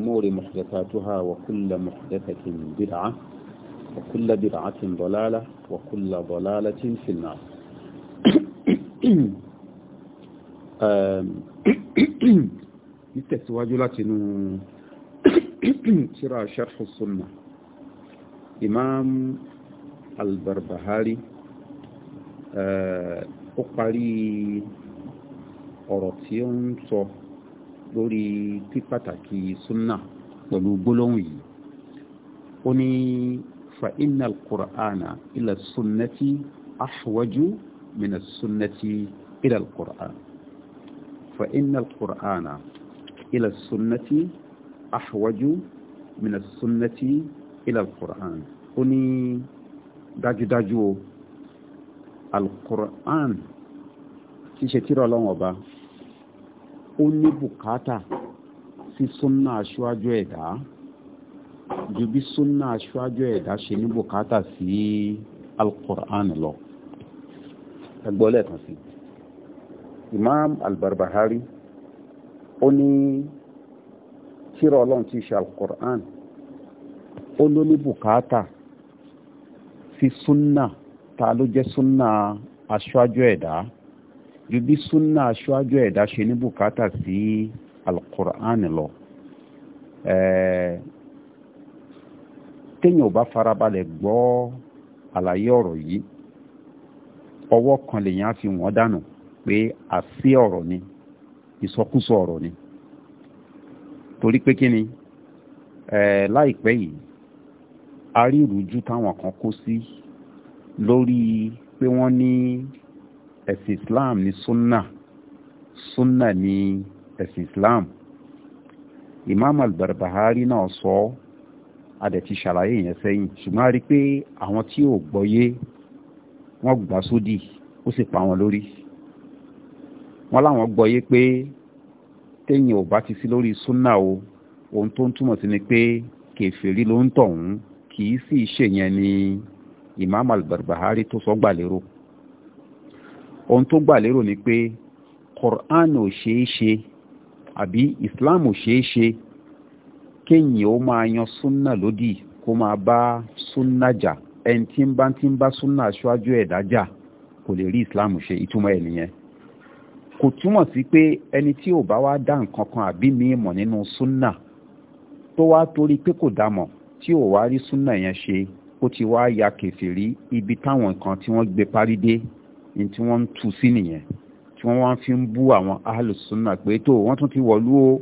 الأمور محدثاتها وكل محدثة بدعة وكل بدعة ضلالة وكل ضلالة في النار التسواج لاتنو ترى شرح السنة إمام البربهاري آه، أقري أوروتيون صوف lórí tí pàtàkì súnà pẹ̀lú gbólóhùn yìí ó ní fa inna al ila sunnati ahwaju min as-sunnati ila al-qur'an fa inna al-qur'ana ila sunnati ahwaju min as-sunnati ila al-qur'an ó ní dájúdájú o al-qur'an ti ṣe tírà ọlọ́run ọba ó ní bùkátà sí súnà aṣáájú ẹ̀dá ju bí súnà aṣáájú ẹ̀dá ṣe ní bùkátà sí alukur'an lọ. ẹgbọ́ lẹ́ẹ̀kan sí imam albarbahari ó ní tírà ọlọ́run ti ṣe alukur'an ó ló ní bùkátà sí súnà ta ló jẹ́ súnà aṣáájú ẹ̀dá. E ju suna súnà ẹ̀dá ṣe ní bùkátà sí alukur'an lọ téèyàn ò bá farabalẹ̀ gbọ́ àlàyé ọ̀rọ̀ yìí ọwọ́ kan lèyàn á fi wọ́n dànù pé ọ̀rọ̀ ni ìsọkúsọ ọ̀rọ̀ ni torí pé láìpẹ́ yìí a rí ẹ̀sìn islam ni sunna sunna ni ẹ̀sìn islam imam albarbahari náà sọ adẹ̀ ti ṣàlàyé yẹn sẹ́yìn ṣùgbọ́n a rí pé àwọn tí ò gbọ́yé wọ́n gbà sódì ó sì pa wọn lórí wọ́n láwọn gbọ́yé pé téèyàn ò bá ti sí lórí sunna o ohun tó ń túmọ̀ sí ni pé kèfèrí ló ń tọ̀hún kì í sì ṣèyẹn ni imam albarbahari tó sọ gbà So ohun tó gbà lérò ni pé Quran ò ṣeé ṣe àbí Islam ò ṣeé ṣe kéèyàn ó máa yan súnà lódì kó máa bá súnà jà ẹni tí ń bá ti ń bá súnà aṣáájú ẹ̀dá jà kò lè rí Islam ṣe ìtumọ̀ ẹ̀ nìyẹn kò túmọ̀ sí pé ẹni tí ò bá wá dá nǹkan kan àbí míì mọ̀ nínú súnà tó wá torí pé kò dá mọ̀ tí ò wá rí súnà yẹn ṣe ó ti wá ya kèfèrí ibi táwọn nǹkan tí wọ́n gbé parí dé ní tí wọ́n ń tu sí nìyẹn tí wọ́n wá fi ń bú àwọn ahlus sunna pé tó wọ́n tún ti wọ̀lú o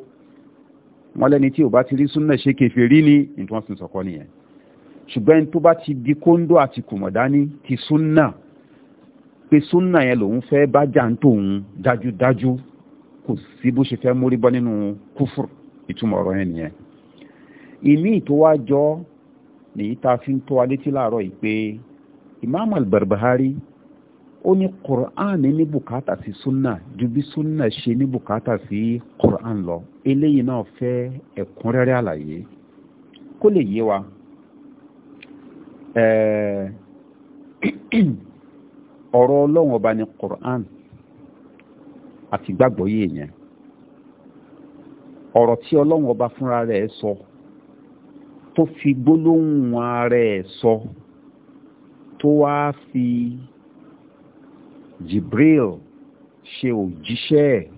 wọ́n lẹ́ni tí ò bá ti rí sunna ṣe kèfèrí ni ní tí wọ́n sì ń sọ̀kọ́ nìyẹn ṣùgbọ́n tó bá ti di kóńdó àti kùmọ̀dání ti sunna pé sunna yẹn lòun fẹ́ bá jà ń tòun dájúdájú kò sí bó ṣe fẹ́ mórí bọ́ nínú kúfùr ìtumọ̀ ọ̀rọ̀ yẹn nìyẹn ìmí tó wá jọ nìyí tá fi ń tó wa létí láàárọ̀ yìí pé Imam al-Barbahari onye qur'an ni bukata si sunna dubi sunna se ni bukata fi qur'an lo eleyi na fe ekunrere alaye ko le ye wa eh oro olohun oba ni qur'an ati gbagbo ye yen oro ti olohun oba funra re so to fi gbolohun ara re so to wa fi jibril ṣe òjíṣẹ́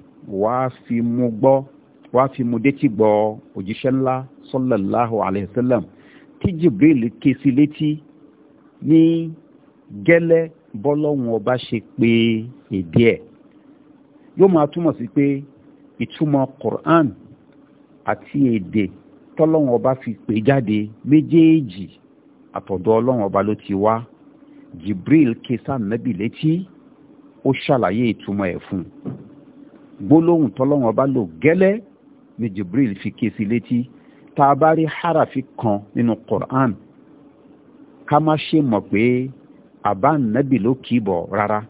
wá fi mú gbọ́ wá fi mú détí gbọ́ òjíṣẹ́ ńlá sallallahu alayhi sallam tí jibril ké sí létí ní gẹ́lẹ́ bọ́lọ́hún ọba ṣe pé èdè ẹ̀ yóò máa túmọ̀ sí pé ìtumọ̀ Qur'an àti èdè tọ́lọ́hún ọba fi pè jáde méjèèjì àtọ̀dọ̀ ọlọ́hún ọba ló ti wá jibril ké sáà nẹ́bì létí ó ṣàlàyé ìtumọ̀ ẹ̀ fún un gbólóhùn tọ́lọ́wọ́n bá lò gẹ́lẹ́ ni Jibril fi ké sí létí tá a bá rí harafi kan nínú Qur'an ká má ṣe mọ̀ pé àbá nàbì ló kì í bọ̀ rárá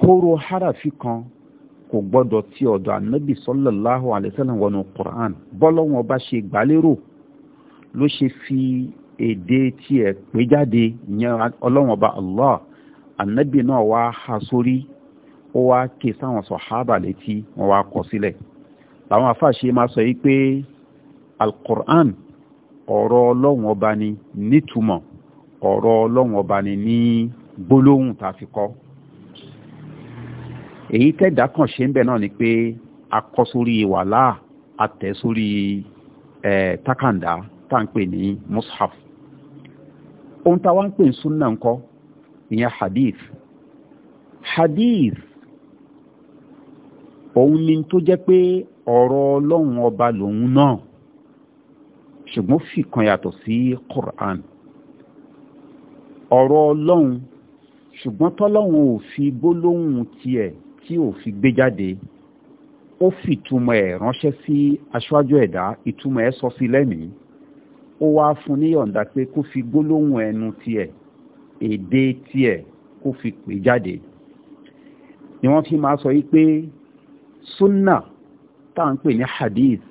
hóró harafi kan kò gbọ́dọ̀ tí ọ̀dọ̀ ànábì sallallahu alaihi wasallam wọnú Qur'an bọ́lọ́wọ́n bá ṣe gbàlérò ló ṣe fi èdè tiẹ̀ pé jáde ìyẹn ọlọ́wọ́n bá Allah ànábì náà wá ha sórí ó wá ké sáwọn sọ̀hábà létí wọ́n wá kọ sílẹ̀ làwọn afáàṣe máa sọ yìí pé alqur'an ọ̀rọ̀ ọlọ́run ọba ni nítumọ̀ ọ̀rọ̀ ọlọ́run ọba ni ní gbólóhùn tá a fi kọ́ èyí tẹ́dá kàn ṣe ń bẹ̀ náà ni pé a kọ sórí wàhálà a sórí ẹ̀ takanda tá à ń pè ní mushaf ohun táwa ń pè ní sunna ńkọ́ ìyẹn hadith hadith òun ni tó jẹ́ pé ọ̀rọ̀ ọlọ́run ọba lòun náà ṣùgbọ́n fìkan yàtọ̀ sí Qur'an ọ̀rọ̀ ọlọ́run ṣùgbọ́n tọ́lọ́run ò fi gbólóhùn tiẹ̀ tí ò fi gbé jáde ó fi ìtumọ̀ ẹ̀ ránṣẹ́ sí aṣáájú ẹ̀dá ìtumọ̀ ẹ̀ sọ sí lẹ́mìí ó wáá fún níyọ̀ǹda pé kó fi gbólóhùn ẹnu tiẹ̀ èdè tiẹ̀ kó fi pè jáde ni wọ́n fi máa sọ yí pé sunna tá à ń pè ní hadith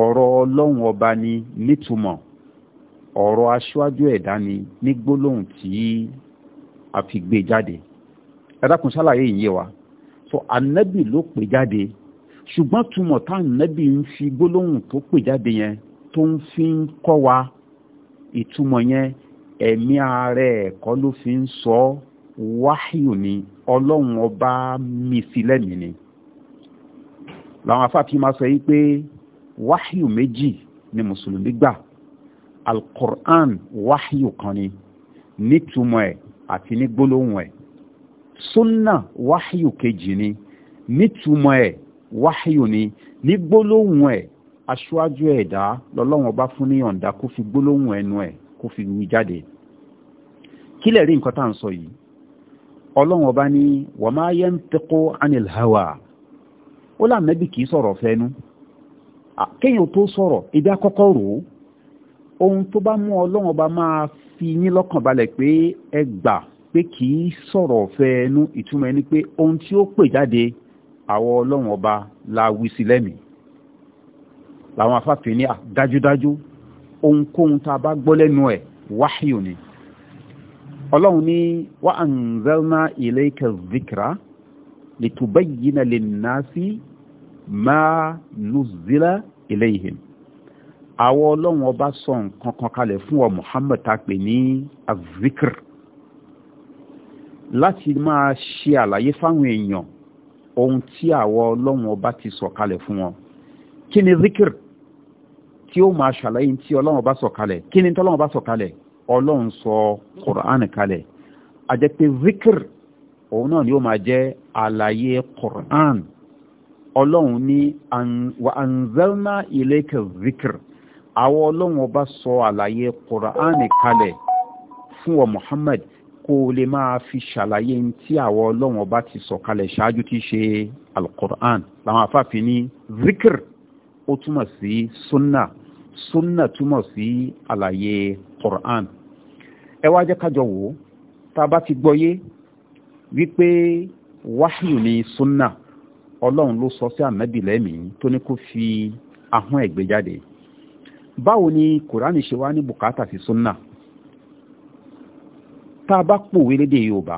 ọ̀rọ̀ ọlọ́run ọba ni nítumọ̀ ọ̀rọ̀ aṣáájú ẹ̀dá ni ní gbólóhùn tí a fi gbé jáde ẹ̀dákun ṣàlàyé yìí wa so anabi ló pè jáde ṣùgbọ́n túmọ̀ tá anabi ń fi gbólóhùn tó pè jáde yẹn tó ń fi ń kọ́ wa ìtumọ̀ yẹn ẹ̀mí ara ẹ̀ kọ́ ló fi ń sọ wáhíù ni ọlọ́run ọba mi sí lẹ́mìí ni làwọn afáàfin máa sọ yìí pé wáhíù méjì ni mùsùlùmí gbà alqur'an wáhíù kan ni nítumọ̀ ẹ̀ àti ní gbólóhùn ẹ̀ sunna wáhíù kejì ni nítumọ̀ ẹ̀ wáhíù ni ní gbólóhùn ẹ̀ aṣáájú ẹ̀dá lọ́lọ́run ọba fún níyọ̀ǹda kó fi gbólóhùn ẹnu ẹ̀ kó fi wí jáde kí lè rí nǹkan tá à ń sọ yìí ọlọ́run ọba ní wa ma yantiqu anil hawa ó lànàbì kì í sọ̀rọ̀ fẹ́nu kéèyàn tó sọ̀rọ̀ ibi akọ́kọ́ rò ó ohun tó bá mú ọlọ́run ọba máa fi yín lọ́kàn balẹ̀ pé ẹ gbà pé kì sọ̀rọ̀ fẹ́nu ìtumọ̀ ẹni pé ohun tí ó pè jáde àwọn ọlọ́run ọba la wí sí lẹ́mìí làwọn afáfin ní dájúdájú ohunkóhun tá a bá gbọ́ lẹ́nu ẹ̀ wáhíù ni ọlọ́run ní wa anzalna ilayka dhikra litubayyina linnasi ma nuzila ilayhim àwọn ọlọ́run ọba sọ nǹkan kan kalẹ̀ fún wa Muhammad tá a pè ní azikr láti máa ṣe àlàyé fáwọn èèyàn ohun tí àwọn ọlọ́run ọba ti sọ kalẹ̀ fún wọn kí ni zikr tí ó máa ṣàlàyé tí ọlọ́run bá sọ̀kalẹ̀ kí ni tọ́lọ́run bá sọ̀kalẹ̀ ọlọ́run sọ kùránì kalẹ̀ àjẹ́ pé zikir òun náà ni ó máa jẹ́ àlàyé kùrán ọlọ́run ní wa anzalna ilayka zikir àwọn ọlọ́run ọba sọ àlàyé kùránì kalẹ̀ fún wa muhammad kó o lè máa fi ṣàlàyé tí àwọn ọlọ́run ọba ti sọ̀kalẹ̀ ṣáájú ti ṣe alkùrán làwọn afáfin ní zikir ó túmọ̀ sí sunna sunna túmọ̀ sí àlàyé quran ẹ wá jẹ́ kájọ wò ó tá a bá ti gbọ́yé wípé wáhíù ni sunna ọlọ́run ló sọ sí ànábì lẹ́mìí tó ní kó fi ahọ́n ẹ̀ jáde báwo ni quran ṣe wá ní bùkátà sí sunna tá a bá pòwe lédè yorùbá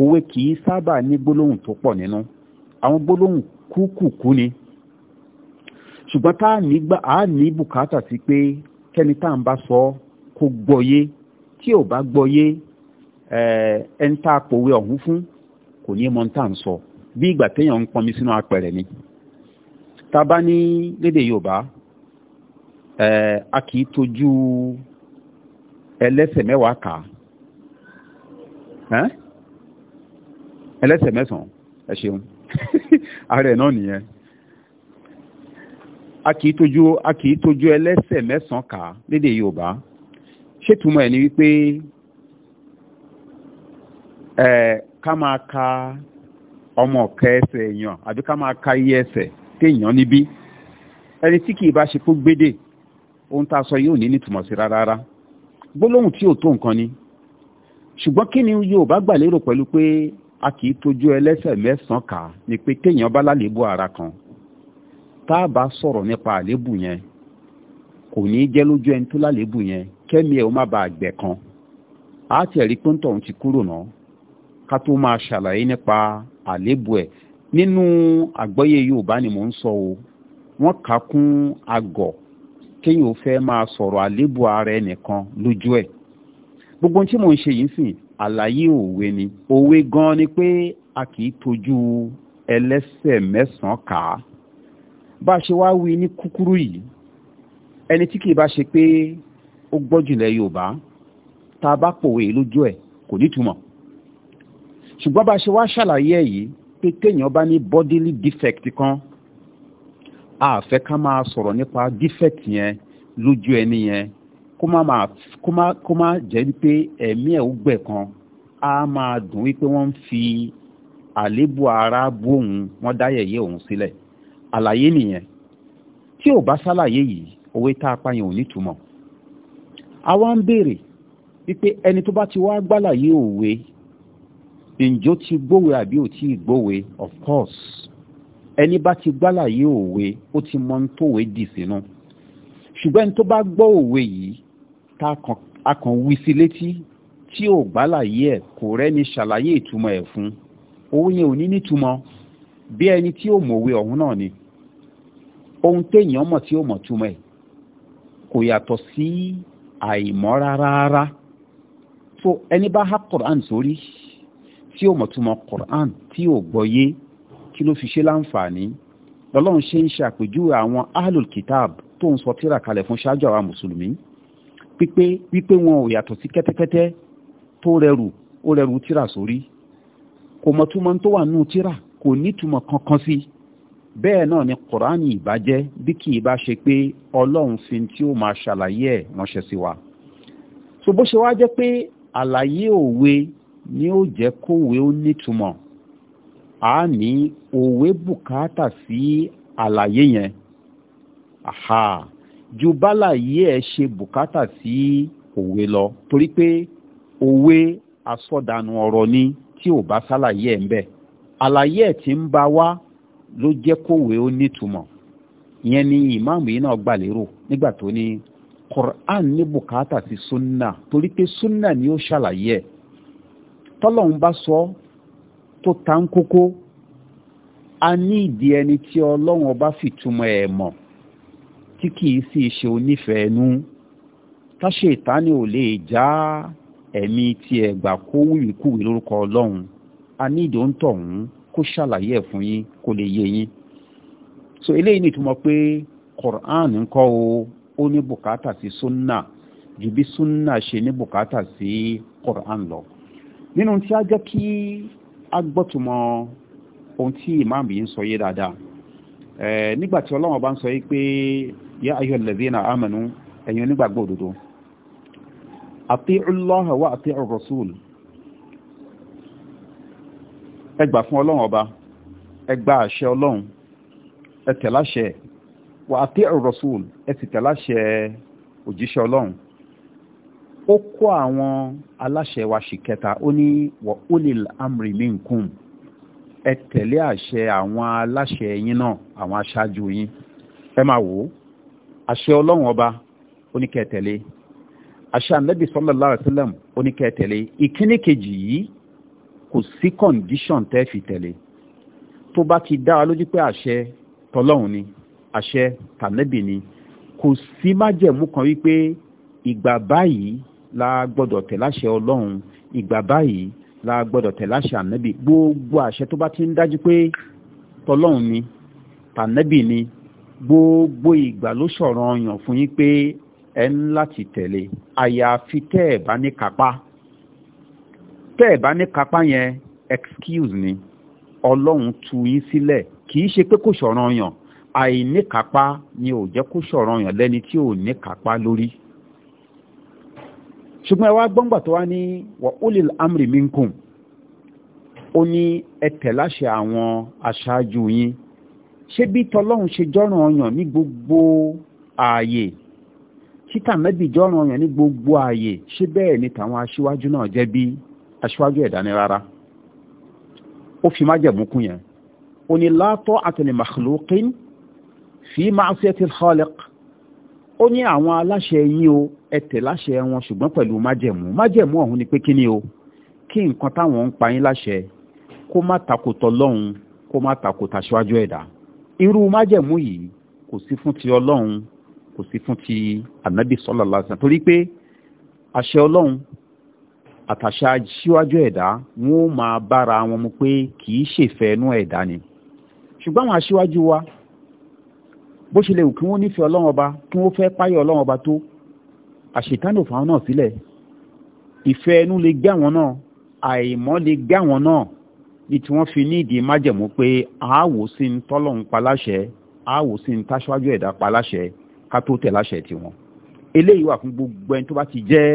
òwe kì í sábà ní gbólóhùn tó pọ̀ nínú àwọn gbólóhùn kúkùkú ni. Kuku, ṣùgbọ́n tá a ní bùkátà sí pé kẹ́ni tá à ń bá sọ kó gbọ́yé tí ò bá gbọ́yé ẹ̀ ń tá a pòwe ọ̀hún fún kò ní mọ tá à ń sọ bí ìgbà téèyàn ń pọnmi sínú apẹ̀rẹ̀ ni tá bá ní lédè Yorùbá a kì í tojú ẹlẹ́sẹ̀ mẹ́wàá kà á ẹlẹ́sẹ̀ mẹ́sàn-án ẹ ṣeun ààrẹ náà nìyẹn a kì í tójú a kì í tójú ẹlẹ́sẹ̀ mẹ́sàn-án kà lédè Yorùbá ṣètùmọ̀ ẹ̀ ni wípé ẹ̀ ká máa ka ọmọ ọ̀kẹ́ ẹsẹ̀ èèyàn àbí ká máa ka iye ẹsẹ̀ téèyàn níbí ẹni tí kì í bá ṣe kó gbédè ohun tá a sọ yóò ní nítumọ̀ sí rárá gbólóhùn tí ò tó nǹkan ni ṣùgbọ́n kí ni Yorùbá gbà lérò pẹ̀lú pé a kì í tójú ẹlẹ́sẹ̀ mẹ́sàn-án kà ni pé téèyàn bá lálébù ara kan tá a bá sọ̀rọ̀ nípa àléébù yẹn kò ní í jẹ́ lójú ẹni tó lálébù yẹn kẹ́mi ẹ̀ ó má bàa gbẹ̀ kan á tiẹ̀ rí pé ń ti kúrò náà ká tó máa ṣàlàyé nípa àléébù ẹ̀ nínú àgbọ́yé Yorùbá ni mò ń sọ o wọ́n kà á kún agọ̀ kéèyàn fẹ́ máa sọ̀rọ̀ àléébù ara ẹnìkan lójú ẹ̀ gbogbo ohun tí mò ń ṣe yìí sìn àlàyé òwe ni òwe gan ni pé a kì í tọ́jú ẹlẹ́sẹ̀ mẹ́sàn-án kà bá a ṣe wá wí ní kúkúrú yìí ẹni tí kì í bá ṣe pé ó gbọ́ jùlẹ̀ yorùbá tá a bá pòwe lójú ẹ̀ kò nítumọ̀ ṣùgbọ́n bá ṣe wá ṣàlàyé ẹ̀ yìí pé téèyàn bá ní bodily defect kan a fẹ́ ká máa sọ̀rọ̀ nípa defect yẹn lójú ẹni yẹn kó má kó má jẹ́ wípé ẹ̀mí ẹ̀ ó gbẹ̀ kan a máa dùn wípé wọ́n ń fi àléébù ara bóun wọ́n dá yẹ̀yẹ́ òun sílẹ̀. Si àlàyé nìyẹn tí ò bá ṣàlàyé yìí òwe tá a pa yẹn ò ní túmọ̀ àwa ń béèrè wípé ẹni tó bá ti wá gbàlàyé òwe ǹjọ́ ti gbówe àbí ò tí ì of course ẹni bá ti gbàlàyé òwe ó ti mọ ń tòwe dì sínú ṣùgbọ́n ẹni tó bá gbọ́ òwe yìí tá a kàn wí sí létí tí ò gbàlàyé ẹ̀ kò rẹ́ni ṣàlàyé ìtumọ̀ ẹ̀ fún òun yẹn ò ní nítumọ̀ bí ẹni tí ò mọ̀wé ọ̀hún náà ni ohun téèyàn mọ̀ tí ó mọ̀ túmọ̀ ẹ̀ kò yàtọ̀ sí àìmọ̀ rárá so ẹni bá há Quran sórí tí ó mọ̀ túmọ̀ Quran tí ò gbọ́yé kí ló fi ṣe láǹfààní lọ́lọ́run ṣe ń ṣàpèjúwe àwọn ahlul kitab tó ń sọ tírà kalẹ̀ fún ṣáájú àwa mùsùlùmí pípé wípé wọn ò yàtọ̀ sí kẹ́tẹ́kẹ́tẹ́ tó rẹrù ó rẹrù tírà sórí kò mọ̀ túmọ̀ tó wà nù tírà kò nítumọ̀ kankan sí i bẹ́ẹ̀ náà ni kùránì ìbàjẹ́ bí kì í bá ṣe pé ọlọ́run fi tí ó máa ṣàlàyé ẹ̀ ránṣẹ́ sí wa so bó ṣe wá jẹ́ pé àlàyé òwe ni ó jẹ́ kówe ó nítumọ̀ a ní òwe bùkátà sí àlàyé yẹn aha ju bálàyé ẹ̀ ṣe bùkátà sí òwe lọ torí pé òwe asọdànù ọ̀rọ̀ ni tí ò bá ṣàlàyé ẹ̀ ń bẹ àlàyé ẹ̀ ti ń bá wá ló jẹ́ kówé ó nítumọ̀ ìyẹn ni ìmáàmù yìí náà gbà nígbà tó ní Qur'an ní bùkátà sí sunna torí pé sunna ni ó ṣàlàyé ẹ̀ tọ́lọ́run bá sọ tó ta ń kókó a ní ìdí ẹni tí ọlọ́run ọba fìtumọ̀ ẹ̀ mọ̀ tí kìí sì ṣe onífẹ̀ẹ́ nú táṣe ìtaní ò lè já ẹ̀mí tiẹ̀ gbà kó wíwíkúwì lórúkọ ọlọ́run a ní ìdí ó ń tọ̀hún kó ṣàlàyé ẹ̀ fún yín kó lè yé yín so eléyìí ni ìtumọ̀ pé Qur'an ńkọ́ o ó ní bùkátà sí sunna ju bí sunna ṣe ní bùkátà sí Qur'an lọ nínú tí a jẹ́ kí a ohun tí ìmáàmù yìí ń sọ yé dáadáa nígbà tí Ọlọ́run bá ń sọ yí pé yá ẹ gbà fún ọlọ́run ọba ẹ gba àṣẹ ọlọ́run ẹ tẹ̀láṣẹ wà á tẹ́ rasul ẹ sì tẹ̀láṣẹ òjíṣẹ́ ọlọ́run ó kó àwọn aláṣẹ wa sì kẹta ó ní wà ulil amri minkum ẹ tẹ̀lé àṣẹ àwọn aláṣẹ yín náà àwọn aṣáájú yín ẹ máa wò ó àṣẹ ọlọ́run ọba ó ní kẹ́ tẹ̀lé àṣẹ ànábì sallallahu alaihi wasallam ó ní kẹ́ tẹ̀lé ìkíní kejì yìí kò sí condition tẹ́ fi tẹ̀lé tó bá ti dá wa lójú pé àṣẹ tọlọ́hun ni àṣẹ tànẹ́bì ni kò sí májẹ̀mú kan wípé ìgbà báyìí la gbọ́dọ̀ tẹ̀ láṣẹ ọlọ́run ìgbà báyìí la gbọ́dọ̀ tẹ̀ láṣẹ ànẹ́bì gbogbo àṣẹ tó bá ti ń dájú pé tọlọ́hun ni tànẹ́bì ni gbogbo ìgbà ló sọ̀rọ̀ ọyàn fún yín pé ẹ ń láti tẹ̀lé àyàfi tẹ́ ẹ̀ bá ní kápá tẹ́ ẹ̀ bá ní kápá yẹn excuse ni ọlọ́run tú yín sílẹ̀ kì í ṣe pé kò ṣọ̀ràn yàn àìníkápá ni ò jẹ́ kó ṣọ̀ràn yàn lẹ́ni tí ò níkápá lórí ṣùgbọ́n ẹ wá gbọ́ngbà tó wá ní wà ulil amri minkum ó ní ẹ tẹ̀láṣẹ àwọn aṣáájú yín ṣé bí tọlọ́run ṣe jọ́ràn ọyàn ní gbogbo ààyè títà mẹ́bí jọ́ràn ọyàn ní gbogbo ààyè ṣé bẹ́ẹ̀ ni tàwọn aṣíwájú náà jẹ́ bí aṣíwájú ẹ̀dá ni rárá ó fi májẹ̀mú kún yẹn ó ní látọ́ àtẹ̀lẹ̀ makhluqin fi ma'siyati al-khaliq ó ní àwọn aláṣẹ yín o ẹ tẹ̀ láṣẹ wọn ṣùgbọ́n pẹ̀lú májẹ̀mú májẹ̀mú ọ̀hún ni pé kí ni o kí nǹkan táwọn ń pa yín láṣẹ kó má tako tọlọ́hun kó má tako tàṣíwájú ẹ̀dá irú májẹ̀mú yìí kò sí fún ti ọlọ́hun kò sí fún ti ànábì sallallahu alaihi torí pé àṣẹ ọlọ́hun àtàṣà síwájú ẹ̀dá wọn ó máa bára wọn mu pé kì í ṣèfẹ́ inú ẹ̀dá ni ṣùgbọ́n àwọn aṣíwájú wa bó ṣe lè wù kí wọ́n nífẹ̀ẹ́ ọlọ́run ọba kí wọ́n fẹ́ páyọ̀ ọlọ́run ọba tó àṣetánù fáwọn náà sílẹ̀ ìfẹ́ inú lè gbé àwọn náà àìmọ́ lè gbé àwọn náà ní tí wọ́n fi ní ìdí májẹ̀mú pé àáwò sí ń tọ́lọ́run paláṣẹ àáwò sí ń táṣáájú ẹ̀dá paláṣẹ ká tó tẹ̀ láṣẹ tiwọn eléyìí wà fún gbogbo ẹni tó bá ti jẹ́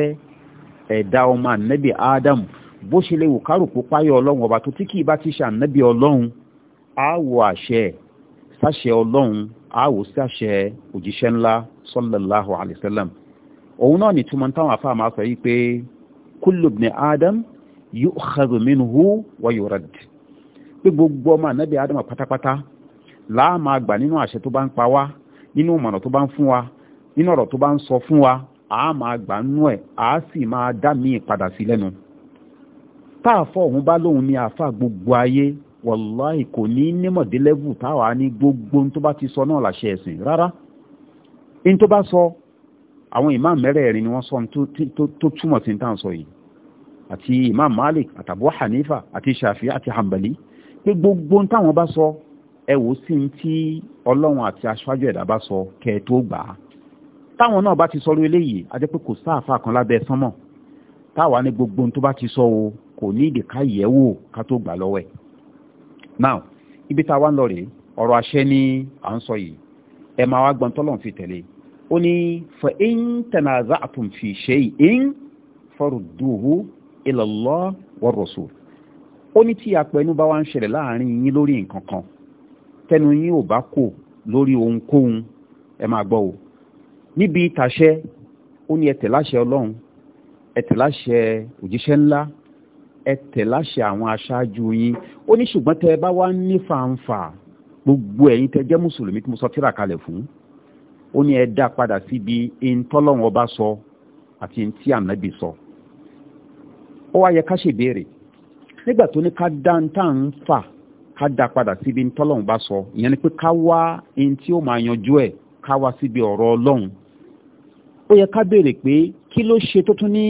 ẹ̀dá ọmọ ànábì ádámù bó ṣe lè wò kárùkù páyọ ọlọ́run ọba tó tí kì í bá ti ṣe ànábì ọlọ́run á wò àṣẹ sáṣẹ ọlọ́run á wò sáṣẹ òjíṣẹ́ ńlá sallallahu alayhi wa sallam òun náà ni túmọ̀ táwọn afá máa sọ yìí pé kullu ibn ádámù yu'khadhu minhu wa yurad pé gbogbo ọmọ ànábì ádámù pátápátá láà gbà nínú àṣẹ tó bá ń pa wá nínú ìmọ̀ràn tó bá ń fún wa nínú ọ̀rọ̀ tó bá ń sọ fún wa a máa gbà nú ẹ̀ a sì máa dá míì padà sí lẹ́nu táàfọ̀ òun bá lóun ní àáfà gbogbo ayé wàláì kò ní nímọ̀délẹ́bù táwa ní gbogbo tó bá ti sọ náà làṣẹ ẹ̀sìn rárá in tó bá sọ àwọn imam mẹ́rẹ̀ẹ̀rin ni wọ́n sọ tó túmọ̀ sí tá à ń sọ yìí àti imam malik àtàbọ̀ hanifa àti shafi àti hanbali pé gbogbo táwọn bá sọ ẹ wò sí ti ọlọ́run àti aṣáájú ẹ̀dá bá sọ kẹ́ẹ̀ tó gbà táwọn náà bá ti sọ̀rọ̀ eléyìí a jẹ́ pé kò sáàfà kan lábẹ́ sánmọ̀ táwa ní gbogbo tó bá ti sọ o kò ní ìdè ká yẹ̀ wò ká tó gbà lọ́wọ́ ẹ̀. now ibi táwa ń lọ rèé ọ̀rọ̀ àṣẹ ni à ń sọ yìí ẹ máa wá gbọ́n tọ́lọ̀ fi tẹ̀lé ó ní fa in tanaza'tum fi shay'in farudduhu ila Allah war rasul ó ní tí apẹnu bá wá ń ṣẹlẹ̀ láàrin yín lórí nǹkan níbi ìtàṣẹ ó ní ẹtẹ̀ láṣẹ ọlọ́run ẹtẹ̀ láṣẹ òjíṣẹ́ ńlá ẹtẹ̀ láṣẹ àwọn aṣáájú yín ó ní ṣùgbọ́n tẹ ẹ bá wá ní fàǹfà gbogbo ẹ̀yin tẹ jẹ́ mùsùlùmí tí mo sọ tíra kalẹ̀ fún ó ní ẹ dá padà síbi ìntọ́lọ́run ọba sọ àti ìntí ànábì sọ ó wá yẹ ká ṣèbéèrè nígbà tó ní ká dá ń ń fà ká dá padà síbi ìntọ́lọ́run bá sọ ìyẹn ni pé ká wá ẹni ó máa yanjú ẹ̀ ká wá síbi ọ̀rọ̀ ọlọ́run ó yẹ ká béèrè pé kí ló ṣe tó tún ní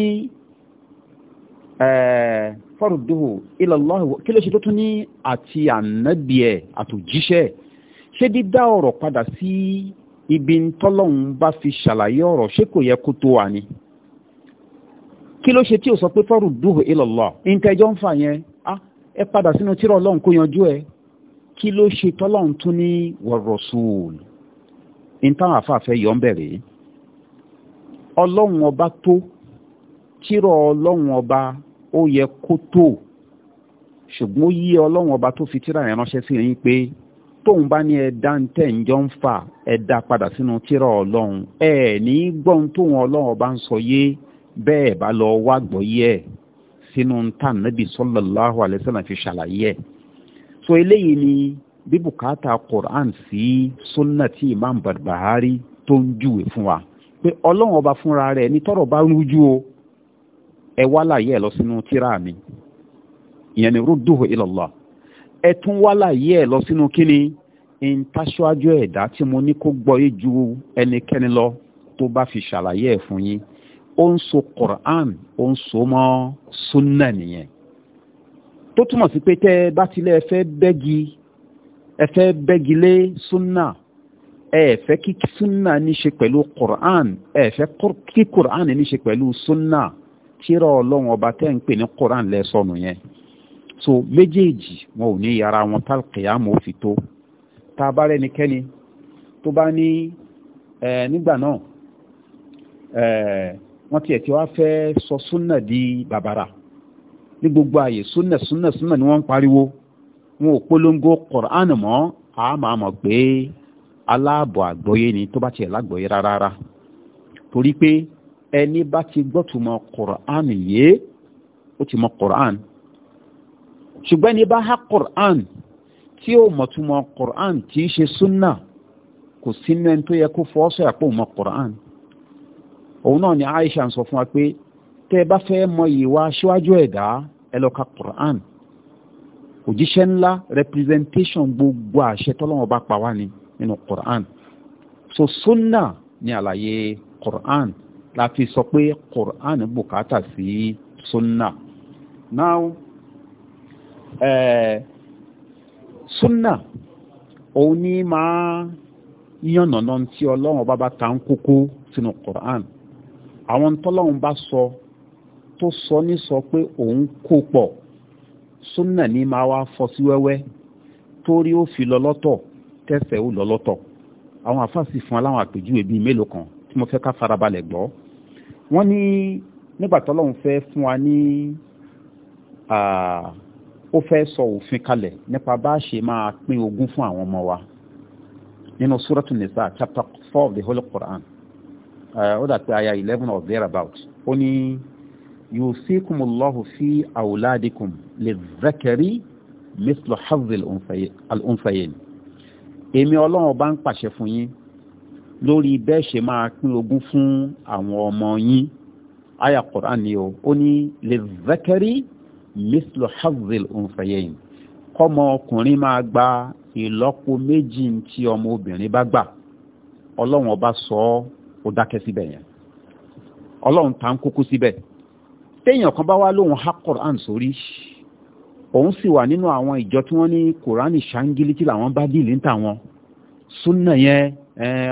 fọ́rùdùhù ilọ̀lọ́hù kí ló ṣe tó tún ní àti ànábì ẹ̀ àtòjíṣẹ́ ṣé dídá ọ̀rọ̀ padà sí ibi tọ́lọ́hún bá fi ṣàlàyé ọ̀rọ̀ ṣé kò yẹ kó tó wà ni kí ló ṣe tí o sọ pé fọ́rùdùhù ilọ̀lọ́ ìǹtẹ́jọ́ ń fà yẹn ah, ẹ padà sínú tírà ọlọ́run kó yanjú ẹ kí ló ṣe tọ́lọ́hún tún ní wọ̀rọ̀ sùúl ìǹtàn àfàfẹ́ yọ̀ ń bẹ̀rẹ̀ yìí ọlọ́run ọba tó tírọ̀ ọlọ́run ọba ó yẹ kó tó ṣùgbọ́n ó yí ọlọ́run ọba tó fi tírà yẹn ránṣẹ́ sí yín pé tóun bá ní ẹ̀dá ń tẹ̀ ń jọ ń fà ẹ̀dá padà sínú tírà ọlọ́run ẹ̀ ní gbọ́n tóun ọlọ́run ọba ń bẹ́ẹ̀ bá lọ wá gbọ́ sínú pé ọlọ́run ọba fúnra rẹ̀ ní tọ́rọ̀ bá rújú o ẹ wá láàyè ẹ lọ sínú tírà mi ìyẹn ni rúdùhù ilallah ẹ tún wá láàyè ẹ lọ sínú kíni ìtaṣọ́ájú ẹ̀dá tí mo ní kó gbọ́ yé ju ẹnikẹ́ni lọ tó bá fi ṣàlàyé ẹ̀ fún yín ó ń so Qur'an ó ń so mọ́ sunna nìyẹn tó túmọ̀ sí pé tẹ́ bá tilẹ̀ ẹ fẹ́ bẹ́gi ẹ fẹ́ bẹ́gi lé sunna ẹ kí sunna ní ṣe pẹ̀lú quran ẹ kí quran ní ṣe pẹ̀lú sunna tíra ọlọ́run ọba tẹ́ ń pè ní quran lẹ́sọ̀nù yẹn so méjèèjì wọn ò ní yàrá wọn tálkìyà mọ́ fi tó tá bá rẹ́ tó bá ní ẹ nígbà náà ẹ tiẹ̀ tí sọ sunna di bàbàrà ní gbogbo ààyè ni wọ́n ń quran mọ́ àmọ́ àmọ́ aláàbọ̀ àgbọ́yé ni tó bá tiẹ̀ lágbọ́yé rárá torí pé ẹni bá ti gbọ́tùmọ̀ Qur'an yé ó ti mọ Qur'an ṣùgbọ́n ẹni bá há Qur'an tí ó mọ̀túmọ̀ Qur'an tí í ṣe súnà kò sínú ẹni tó yẹ kó fọ́ sọ àpò mọ̀ Qur'an òun náà ni Aisha ń sọ fún wa pé tẹ́ ẹ bá fẹ́ mọ ìwà aṣíwájú ẹ̀dá ẹ lọ ka Qur'an òjíṣẹ́ ńlá representation gbogbo àṣẹ tọ́lọ́wọ́n pa wá ni nínú Qur'an so sunna ni àlàyé Qur'an la fi sọ pé Qur'an bùkátà sí sunna now eh, sunna òun ní máa yànnàná tí ọlọ́run bá bá ta ń kókó sínú Qur'an àwọn tọ́lọ́run bá sọ tó sọ ní sọ pé òun kó pọ̀ súnà ní máa wá fọ́ sí wẹ́wẹ́ torí ó fi lọ lọ́tọ̀ kẹsẹ̀ ó lọ lọ́tọ̀ àwọn àfáàsì fún aláwọn àpèjúwe bíi mélòó kan tí mo fẹ́ ká farabalẹ̀ gbọ́ wọ́n ní nígbà tọ́lọ́run fẹ́ fún wa ní ó fẹ́ sọ òfin kalẹ̀ nípa bá a ṣe máa pín ogún fún àwọn ọmọ wa nínú suratul nisa chapter four of the holy quran ó dà pé aya eleven or thereabout ó ní yusikumullahu fi awladikum lizakari mislu hazil al-unsayin. Al èmi ọlọ́run bá ń pàṣẹ fún yín lórí bẹ́ẹ̀ ṣe máa pín ogún fún àwọn ọmọ yín aya Qur'an ni o ó ní lè zakari mislu hazil unfayeyin kọ́mọ ọkùnrin máa gba ìlọ́po méjì tí ọmọ obìnrin bá gbà ọlọ́run ọba sọ ọ́ ó dákẹ́ síbẹ̀ yẹn ọlọ́run ta ń kókó síbẹ̀ téèyàn kan bá wá lóhun ha Qur'an sórí òun sì wà nínú àwọn ìjọ tí wọ́n ní kòránì ṣáńgílítì làwọn bá dìlì ń tà wọn súnà yẹn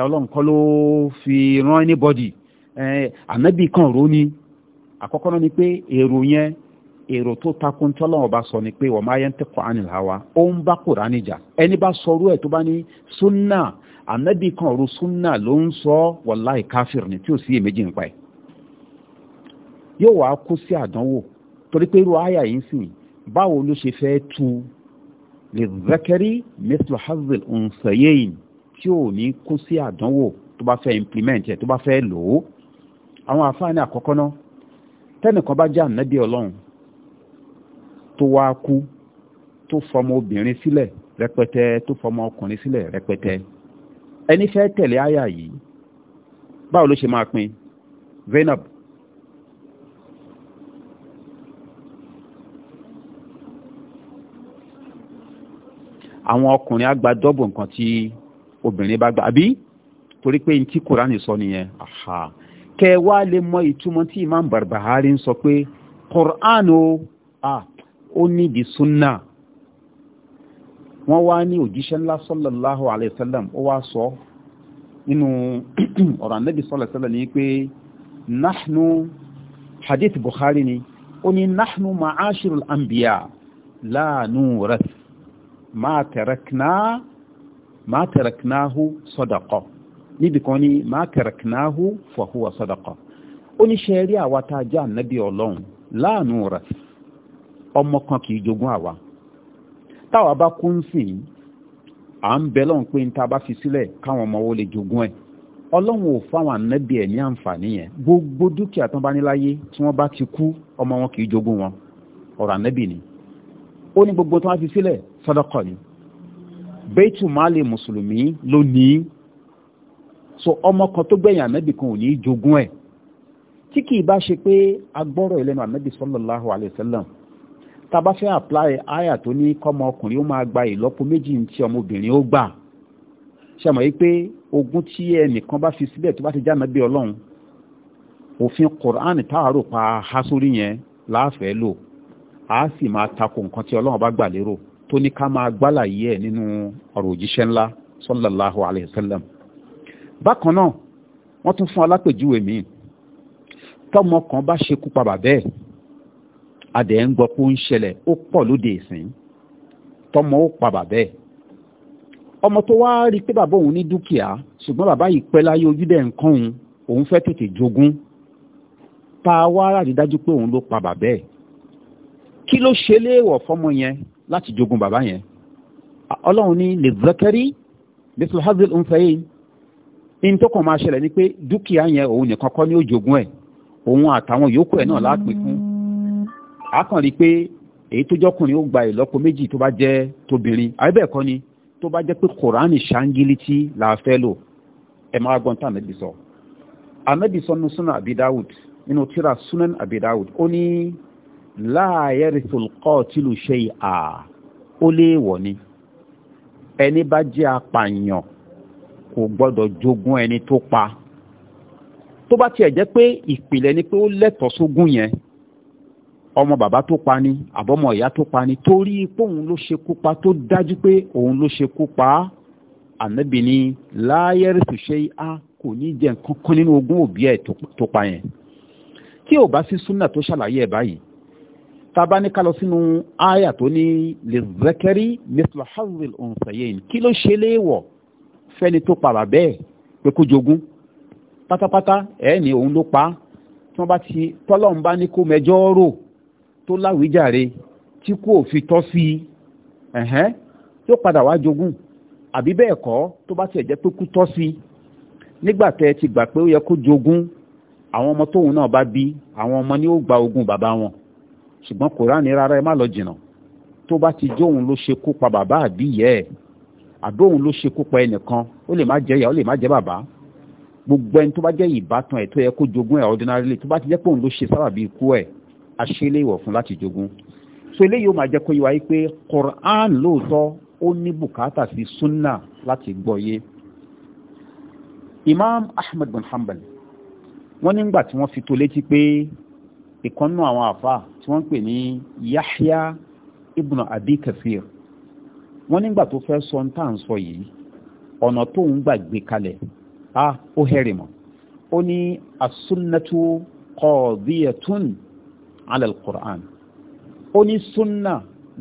ọlọ́nkọ́ ló fi rán anybody ànábì kan rò ní àkọ́kọ́ náà ni pé èrò yẹn èrò tó takun tí ọlọ́run bá sọ ni pé wọ́n máa yẹn tẹ́ kọ́ánì láwa ó ń bá kòránì jà ẹni bá sọrú ẹ̀ tó bá ní súnà ànábì kan rò súnà ló ń sọ wàláì káfíìr ni tí ò sí èméjì nípa ẹ̀ yóò wá kú sí àdánwò torí pé irú àyà yìí ń sìn báwo ló ṣe fẹ́ tu lè zakari mithlu hazil unsayeyin tí ò ní kó sí àdánwò tó bá fẹ́ implement ẹ̀ tó bá fẹ́ lò ó àwọn àfáàní àkọ́kọ́ náà tẹ́nìkan bá jẹ́ ànábì ọlọ́run tó wá kú tó fọmọ obìnrin sílẹ̀ rẹpẹtẹ tó fọmọ ọkùnrin sílẹ̀ rẹpẹtẹ ẹni fẹ́ tẹ̀lé àyà yìí báwo ló ṣe máa pín Zainab àwọn ọkùnrin á gba dọ́bù nǹkan tí obìnrin bá gbà àbí torí pé ntí kúránì sọ nìyẹn aha kẹ wá lè mọ ìtumọ̀ tí imam barbahari ń sọ pé quran o ah ó nídìí sunna wọ́n wá ní òjíṣẹ́ ńlá sallallahu alayhi wa sallam ó wá sọ nínú ọ̀rọ̀ anábì sallallahu ní pé nahnu hadith bukhari ni ó ní nahnu ma'ashirul anbiya la nurath ما tẹ̀rẹ̀kìnà máa tẹ̀rẹ̀kìnàhù sọ́dọ̀kọ́ níbi kan ní máa tẹ̀rẹ̀kìnàhù fọ̀húwà sọ́dọ̀kọ́ ó ní ṣe rí àwa tá a jẹ́ ànábì ọlọ́run láàánú rẹ̀ ọmọ kan kì í jogún àwa táwa bá kú ń sìn à ń bẹ lọ́run pé níta bá fi sílẹ̀ káwọn ọmọ wo lè jogún ẹ̀ ọlọ́run ò fáwọn ànábì ẹ̀ ní àǹfààní yẹn gbogbo dúkìá tán bá ní tí wọ́n bá ti kú ọmọ wọn kì í jogún wọn ọ̀rọ̀ ànábì ni ó ní gbogbo tí wọ́n fi sílẹ̀ sọ́dọ̀kọ̀ ni bẹ́ẹ̀tù máàlì mùsùlùmí ló so ọmọ kan tó gbẹ̀yìn ànábì kan ò ní jogún ẹ̀ tí kì í bá ṣe pé agbọ́rọ̀ ìlẹ́nu ànábì sallallahu alaihi wasallam tá a bá fẹ́ apply àyà tó ní kọ́mọ ọkùnrin ó máa gba ìlọ́po méjì tí ọmọbìnrin ó gbà ṣàmọ̀ yí pé ogún tí ẹnìkan bá fi sílẹ̀ tó bá ti jáná bí ọlọ́run òfin Qur'an táàrò pa ha sórí yẹn láàfẹ́ lò á sì máa takò nǹkan tí ọlọ́run bá gbà lérò tó ní ká máa gbálàyé ẹ̀ nínú ọ̀rọ̀ òjíṣẹ́ ńlá sallallahu alayhi sallam bákan náà wọ́n tún fún alápèjúwe mi tọ́mọ kan bá ṣekú pa bàbá ẹ̀ adẹ̀ ń gbọ́ pé ó ń ṣẹlẹ̀ ó pọ̀ lóde ìsìn tọ́mọ ó pa bàbá ẹ̀ ọmọ tó wá rí i pé bàbá òun ní dúkìá ṣùgbọ́n bàbá yìí pẹ́ láyé ojú dẹ̀ ń òun òun fẹ́ tètè jogún tá a wá rádi dájú pé òun ló pa bàbá kí ló ṣe léèwọ̀ fọ́mọ yẹn láti jogun bàbá yẹn ọlọ́run ní lè zakari bísí hazel nfẹ̀yìn in tó kàn máa ṣẹlẹ̀ ni pé dúkìá yẹn òun nìkan kọ́ ní ó jogun ẹ̀ òun àtàwọn yòókù ẹ̀ náà lápè fún akàn pé èyí tó jọkùnrin ó gba ìlọ́po méjì tó bá jẹ́ tóbìnrin àbẹ́bẹ̀ kọ́ ni tó bá jẹ́ pé kòránì ṣáńgílítì là á fẹ́ lò ẹ máa gbọ́n tá àmẹ́bí sọ àmẹ́bí sọ nínú súnà àbí dáwùd nínú tíra súnà àbí dáwùd ó ní láàyẹ̀rìsùn kọ́ọ̀tìlù ṣe à ó léèwọ̀ ni ẹni bá jẹ́ apààyàn kò gbọ́dọ̀ jogún ẹni tó pa tó bá tiẹ̀ jẹ́ pé ìpìlẹ̀ ni pé ó lẹ́tọ̀ọ́ sógún yẹn ọmọ bàbá tó pa ni àbọ̀mọ ìyá tó pa ni torí pé òun ló ṣekú pa tó dájú pé òun ló ṣekú pa á ànábì ni láyẹ̀rìsù ṣe á kò ní jẹ nǹkan kan nínú ogún òbí ẹ̀ tó pa yẹn tí ò bá sí súnà tó ṣàlàyé ẹ̀ báyìí tába ní ká lọ sínú àyà tó ní lè zẹkẹrí mr hazel onsayin kí ló ṣe léèwọ̀ fẹ́ni tó para bẹ́ẹ̀ pé kó jogún pátápátá ẹ ní òun ló pa tí wọ́n bá ti tọ́lọ́run bá ní kó mẹjọ́ rò tó láwíjàre tí kò fi tọ́ sí i ẹ̀hẹ́n tó padà wá jogún àbí bẹ́ẹ̀ kọ́ tó bá tiẹ̀ jẹ́ pé kú tọ́ sí i nígbà tẹ́ ti gbà pé ó yẹ kó jogún àwọn ọmọ tóun náà bá bí àwọn ọmọ ni ó gba ogún bàbá wọn ṣùgbọ́n kòránì rárá ẹ má lọ jìnnà tó bá ti jó òun ló ṣekú pa bàbá àbí ìyẹ́ ẹ̀ àbí òun ló ṣekú pa ẹnìkan ó lè má jẹ́ ìyá ó lè má jẹ́ bàbá gbogbo ẹni tó bá jẹ́ ìbátan ẹ̀ tó yẹ kó jogún ẹ̀ ordinarily tó bá ti jẹ́ pé òun ló ṣe sábàbí ikú ẹ̀ aṣẹ́lẹ̀ ìwọ̀ fún láti jogún so eléyìí ó máa jẹ́ kó yé wa pé Quran lóòótọ́ ó ní bùkátà sí sunna láti gbọ́ yé Imam Ahmed bin Hanbal wọ́n nígbà tí wọ́n fi tó létí pé ìkọ́nú àwọn àfa tí wọ́n ń pè ní Yahya ibn Abi Kathir wọ́n nígbà tó fẹ́ sọ ń tà ń sọ yìí ọ̀nà tó ń gbà gbé kalẹ̀ a ó hẹ́rì mọ́ ó ní asúnnatu qadiyatun ala al-Qur'an ó ní súnnà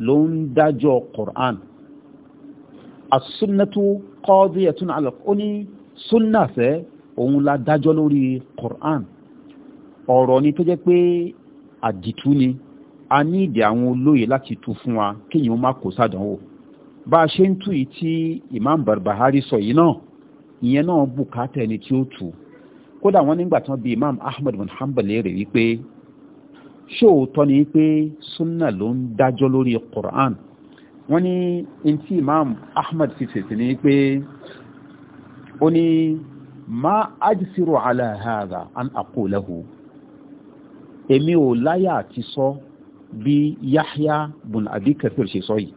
ló ń dájọ́ Qur'an asúnnatu qadiyatun ala ó ní súnnà fẹ́ òun la dájọ́ lórí Qur'an ọ̀rọ̀ ni tó jẹ́ pé àdìtú ni a ní ìdí àwọn olóyè láti tú fún wa kéèyàn má kó sàdánwò bá a ṣe ń tú yìí tí Imam Barbahari sọ yìí náà ìyẹn náà bùkátà ẹni tí ó tù kódà wọn nígbà tán bí Imam Ahmad bin Hanbal wípé ṣóòótọ́ ni pé súnà ló ń dájọ́ lórí Qur'an wọ́n ní ntí Imam Ahmad fi fèsì ni pé ó ní ma ajisiru ala hadha an aqulahu èmi ò láyà àti sọ bí Yahya bùn àbí Kathir ṣe sọ yìí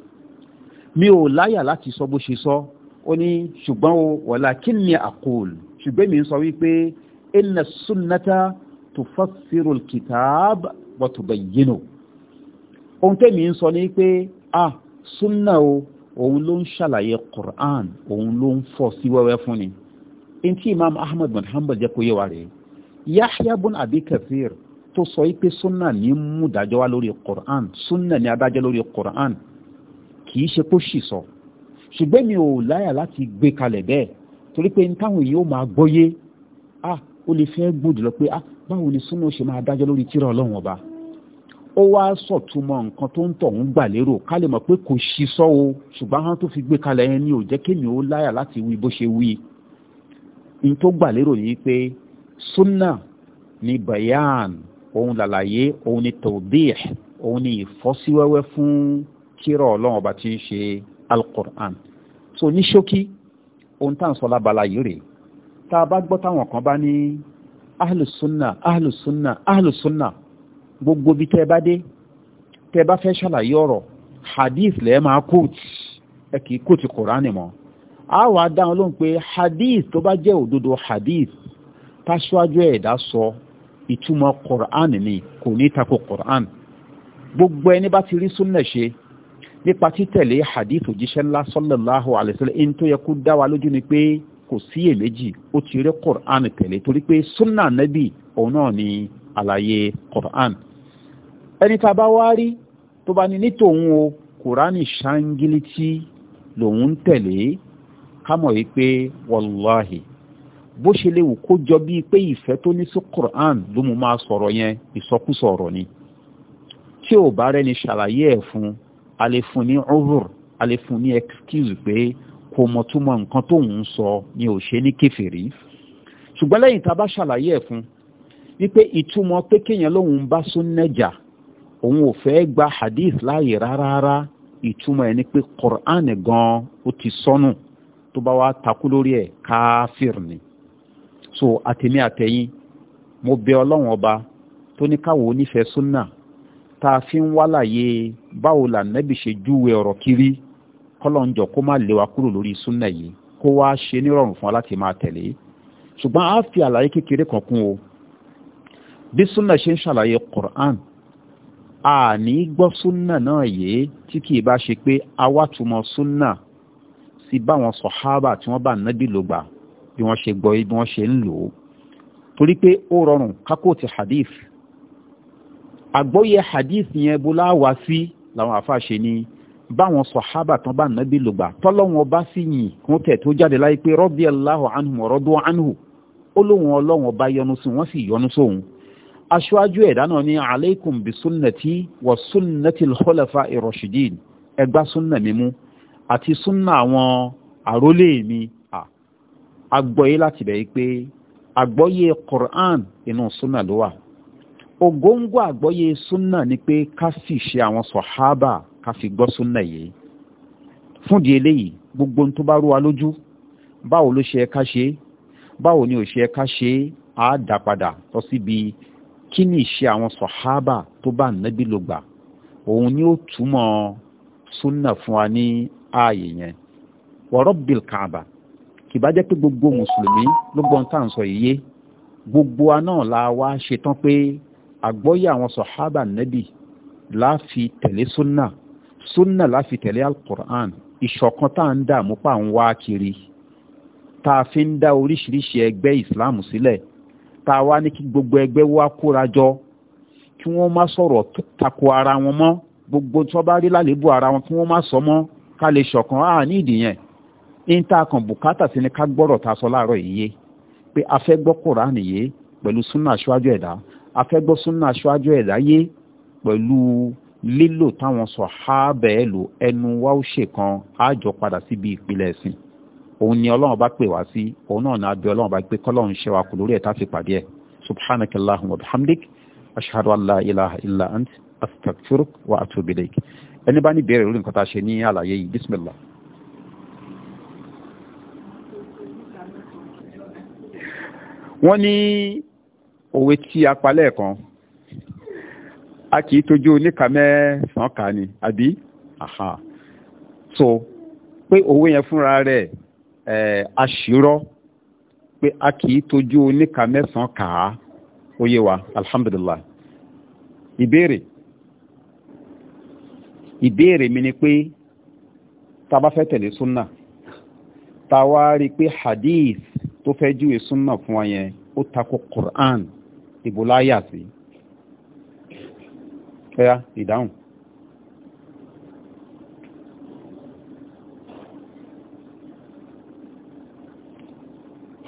mi ò láyà láti sọ bó ṣe sọ ó ní ṣùgbọ́n o walakinni aqul ṣùgbọ́n mi ń sọ wípé inna sunnata tufassiru al-kitab wa tubayyinu ohun tẹ́mi ń sọ ní pé ah sunna o òun ló ń ṣàlàyé Qur'an òun ló ń fọ́ sí wẹ́wẹ́ fún ni in tí Imam Ahmad bin Hanbal jẹ́ kó yé wa rèé Yahya bùn àbí Kathir tó sọ wípé súnà ní mú dájọ́ wá lórí Qur'an súnà ní adájọ́ lórí Qur'an kì í ṣe kó sì sọ ṣùgbọ́n mi ò láyà láti gbé kalẹ̀ bẹ́ẹ̀ torí pé n táwọn èèyàn ó máa gbọ́yé ah ó lè fẹ́ gbòdì lọ pé ah báwo ni súnà ṣe máa dájọ́ lórí tírà ọlọ́run ọba ó wá sọ̀túnmọ̀ nǹkan tó ń tọ̀hún gbà lérò ká lè mọ̀ pé kò ṣí sọ́ o ṣùgbọ́n àwọn tó fi gbé kalẹ̀ yẹn ni ò jẹ́ kémi ó láyà láti wí bó ṣe wí n tó gbà lérò yìí pé súnà ni bayan òun làlàyé òun ni tawdih òun ni ìfọ́síwẹ́wẹ́ fún tírà ọlọ́run ọba tí ń ṣe al-Qur'an so ní ṣókí ohun tá à ń sọ lábala yìí rèé tá a bá gbọ́ táwọn kan bá ní ahlùsúnà ahlùsúnà ahlùsúnà gbogbo bí tẹ́ bá dé tẹ́ bá fẹ́ ṣàlàyé ọ̀rọ̀ hadith lẹ́ẹ̀ máa kóòtù ẹ kì í kóòtù kùránì mọ́ a wàá dáhùn lóhùn pé hadith tó bá jẹ́ òdodo hadith táṣíwájú ẹ̀dá sọ ìtumọ̀ Qur'an ni kò ní tako Qur'an gbogbo ẹni bá ti rí súnà ṣe nípa títẹ̀lé hadith òjíṣẹ́ ńlá sallallahu alaihi wasallam ẹni tó yẹ kó dá wa lójú ni pé kò síyèméjì ó ti rí Qur'an tẹ̀lé torí pé súnà nẹ́bì òun náà ni àlàyé Qur'an ẹni tá a bá wá rí tó bá ní nítòun o Qur'ani ṣáńgílítì lòun tẹ̀lé ká mọ̀ wípé wàláhì bó ṣe lè wò kó jọ bíi pé ìfẹ́ tó ní sí Quran ló mú máa sọ̀rọ̀ yẹn ìsọkúsọ ọ̀rọ̀ ni tí ò bá rẹ́ni ṣàlàyé ẹ̀ fún a lè fún ní ọ̀rùr a lè fún ní excuse pé kò mọ̀ túmọ̀ nǹkan tó ń sọ ni ò ṣe ní kèfèrí ṣùgbọ́n lẹ́yìn tá a bá ṣàlàyé ẹ̀ fún wípé ìtumọ̀ pé kéèyàn lóun bá súnnẹ́jà òun ò fẹ́ gba hadith láàyè rárá ìtumọ̀ ẹ̀ ni pé Quran gan ó ti sọnù tó bá wá takú lórí ẹ̀ káfíìr ni so àtèmi àtẹ̀yìn mo bẹ ọlọ́run ọba tó ní káwọ́ onífẹ̀ẹ́ súnà tá a fi ń wálàyé báwo là nẹ́bì ṣe júwe ọ̀rọ̀ kiri kọ́lọ́njọ kó má lé wa kúrò lórí súnà yìí kó wá ṣe nírọ̀rùn fún wa láti máa tẹ̀lé ṣùgbọ́n a fi àlàyé kékeré kan kún o bí súnà ṣe ń ṣàlàyé Qur'an a ní gbọ́ súnà náà yé tí kì í bá ṣe pé awátúmọ̀ súnà sí báwọn sọ̀hábà tí wọ́n bá nábì ló gbà bí wọ́n ṣe gbọ́ yé bí wọ́n ṣe ń lò ó torí pé ó rọrùn kákòtì hadith àgbọ́yé hadith yẹn bó láwá sí làwọn àfa ṣe ni báwọn sọ̀hábà tán bá nàbí lògbà tọ́lọ́wọ́n bá sì yìn kún tẹ̀ tó jáde láyé pé radiyallahu anhum wa radu anhu ó lóun ọlọ́wọ́n bá yọ́nú sí wọ́n sì yọ́nú sóun aṣáájú ẹ̀dá náà ní aleikum bi wa sunnati al-khulafa ẹgbà sunna mímú àti sunna àwọn àrólé mi agbọ́yé láti bẹ̀ pé agbọ́yé Qur'an inú súnà ló wà ògóńgó àgbọ́yé súnà ni pé ká sì ṣe àwọn sọ̀hábà ká fi gbọ́ súnà yìí fúndì eléyìí gbogbo tó bá rú wa lójú báwo ló ṣe ká ṣe báwo ni ò ṣe ká ṣe á dá padà lọ síbi kí ni ìṣe àwọn sọ̀hábà tó bá nábì ló gbà òun ni ó túmọ̀ súnà fún wa ní ààyè yẹn wa rabbil kì bá jẹ́ pé gbogbo mùsùlùmí ló gbọ́n tá à ń sọ yìí yé gbogbo wa náà la wá ṣetán pé àgbọ́yé àwọn sọ̀hábà nẹ́bì láfi tẹ̀lé súnà súnà láfi tẹ̀lé alukur'an ìṣọ̀kan tá à ń dààmú pa ń wá kiri tá a fi ń dá oríṣiríṣi ẹgbẹ́ ìsìláàmù sílẹ̀ tá a wá ní kí gbogbo ẹgbẹ́ wa kóra jọ kí wọ́n má sọ̀rọ̀ tako ara wọn mọ́ gbogbo tí wọ́n bá rí lálébù ara wọn kí wọ́n má sọ mọ́ ká lè ṣọ̀kan á ní ìdìyẹn ní tá a kàn bùkátà sí ni ká gbọ́rọ̀ ta sọ láàárọ̀ yìí yé pé a fẹ́ gbọ́ kùránì yé pẹ̀lú súnà aṣáájú ẹ̀dá a fẹ́ gbọ́ súnà aṣáájú ẹ̀dá yé pẹ̀lú lílò táwọn sàhábẹ̀ ẹ̀ lò ẹnu wa ó ṣèkan àjọ padà síbi ìpìlẹ̀ ẹ̀sìn òun ni ọlọ́run bá pè wá sí òun náà ní abẹ́ ọlọ́run bá gbé kọ́lọ́run ṣe wa kù lórí ẹ̀ fi pàdé ẹ̀ subhanaka wa bihamdik wọ́n ní òwe tí a pa lẹ́ẹ̀kan a kì í tójú oníka mẹ́sàn ká kà ni àbí aha so pé òwe yẹn fúnra rẹ̀ ẹ̀ aṣírọ́ pé a kì í tójú oníka mẹ́sàn ká kà wa alhamdulillah ìbéèrè ìbéèrè mi ni pé tá a bá fẹ́ tẹ̀lé súnà tá a wá rí i pé hadith tó fẹ́ júwe súnà fún wa yẹn ó takò Qur'an ìbò láyà sí ẹ̀yà ìdáhùn.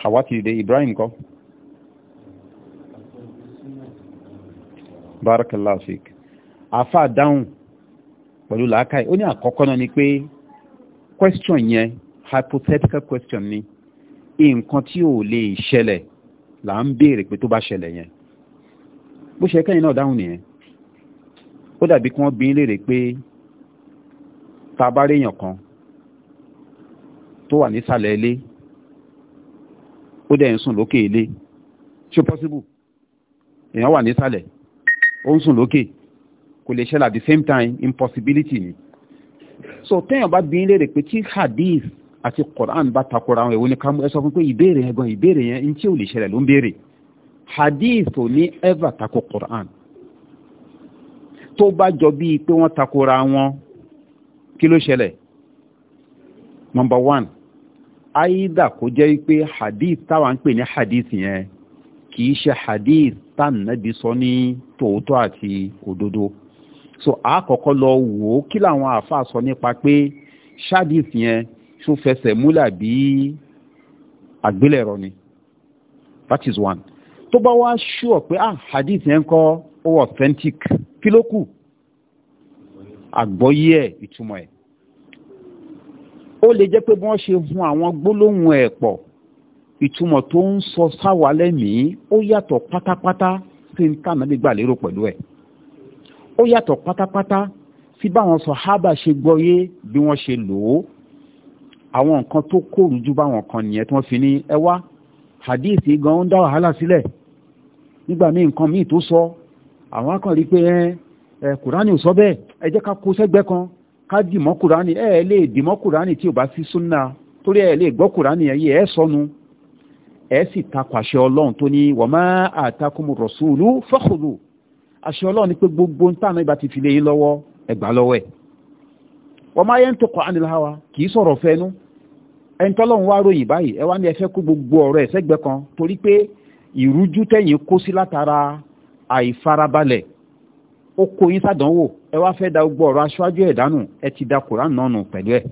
àwa ti Ibrahim kọ́. barakallahu fik àfa dáhùn pẹ̀lú làákàyè ó ní àkọ́kọ́ náà ni pé question yẹn hypothetical question ni nǹkan tí ò lè ṣẹlẹ̀ là ń béèrè pé tó bá ṣẹlẹ̀ yẹn bó ṣe kẹ́yìn náà dáhùn nìyẹn ó dàbí kí wọ́n bí léèrè pé ta bá réèyàn kan tó wà nísàlẹ̀ ilé ó dẹ̀ ń sùn lókè ilé ṣé possible èèyàn wà nísàlẹ̀ ó ń sùn lókè kò lè ṣẹlẹ̀ at the same time impossibility ni so téèyàn bá bí léèrè pé tí hadith ati Qur'an bá takora àwọn èwo ni ká mú ẹ ibere fún pé ìbéèrè yẹn gan ìbéèrè yẹn ń tí ò lè ṣẹlẹ̀ ló ń béèrè hadith ò ní ever tako Qur'an tó bá jọ bíi pé wọ́n takora number one aida kò jẹ́ pé hadith táwa ń pè ní hadith yẹn kì í ṣe hadith tánàbí sọ ní tòótọ́ àti òdodo so a lọ wò ó kí afa àáfàá sọ nípa pé hadith yẹn tún fẹsẹ̀ múlà bí àgbélẹ̀rọ ni that is one tó bá wá ṣúọ̀ pé ah hadith yẹn kọ́ ó authentic kí ló kù àgbọ́yé ẹ̀ ìtumọ̀ ẹ̀ ó lè jẹ́ pé bí wọ́n ṣe hun àwọn gbólóhùn ẹ̀ pọ̀ ìtumọ̀ tó ń sọ sáwà lẹ́mìí ó yàtọ̀ pátápátá sí ní tànà lè gbà lérò pẹ̀lú ẹ̀ ó yàtọ̀ pátápátá sí báwọn sàhábà ṣe gbọ́yé bí wọ́n ṣe lò ó àwọn nǹkan tó kóòrù ju báwọn kan nìyẹn tí wọ́n fi ní ẹ wá hadith gan ń dá wàhálà sílẹ̀ nígbà míì nǹkan míì tó sọ àwọn akàn rí pé ẹ kùránì ò sọ bẹ́ẹ̀ ẹ jẹ́ ká kó sẹ́gbẹ́ kan ká dìmọ́ kùránì ẹ ẹ lè dìmọ́ kùránì tí ò bá sí súnà torí ẹ lè gbọ́ kùránì ẹ yẹ ẹ sọnù ẹ sì takò àṣẹ ọlọ́run tó ní wa ma atakumu rasulu fakhudhu àṣẹ ọlọ́run ni pé gbogbo ń tànà ìbá ti fi lé yín lọ́wọ́ ẹgbàá lọ́wọ́ ẹ̀ wa ma yantiqu anil hawa kì í sọ̀rọ̀ fẹ́nu ẹni tọ́lọ́run wá ròyìn báyìí ẹ wá ní ẹ fẹ́ kó gbogbo ọ̀rọ̀ ẹ̀ sẹ́gbẹ́ kan torí pé ìrújú tẹ̀yìn kó sí látara àìfarabalẹ̀ ó kó yín sàdánwò ẹ wá fẹ́ da gbogbo ọ̀rọ̀ aṣáájú ẹ̀ dànù ẹ ti da koran náà nù pẹ̀lú ẹ̀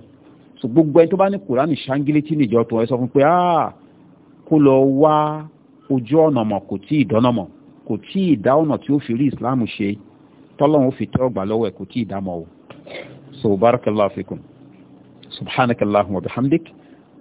so gbogbo ẹni tó bá ní koran ṣáńgílé tí nìjọ tó ẹ sọ fún pé ah kó lọ wá ojú ọ̀nà mọ̀ kò tí ì dọ́nà mọ̀ kò tí ì dá ọ̀nà tí ó fi rí ìsìláàmù ṣe tọ́lọ́run ó fi tẹ́ ọgbà lọ́wọ́ ẹ̀ kò tí ì dá mọ́ o so barakallahu fikum subhanakallahumma wa bihamdik.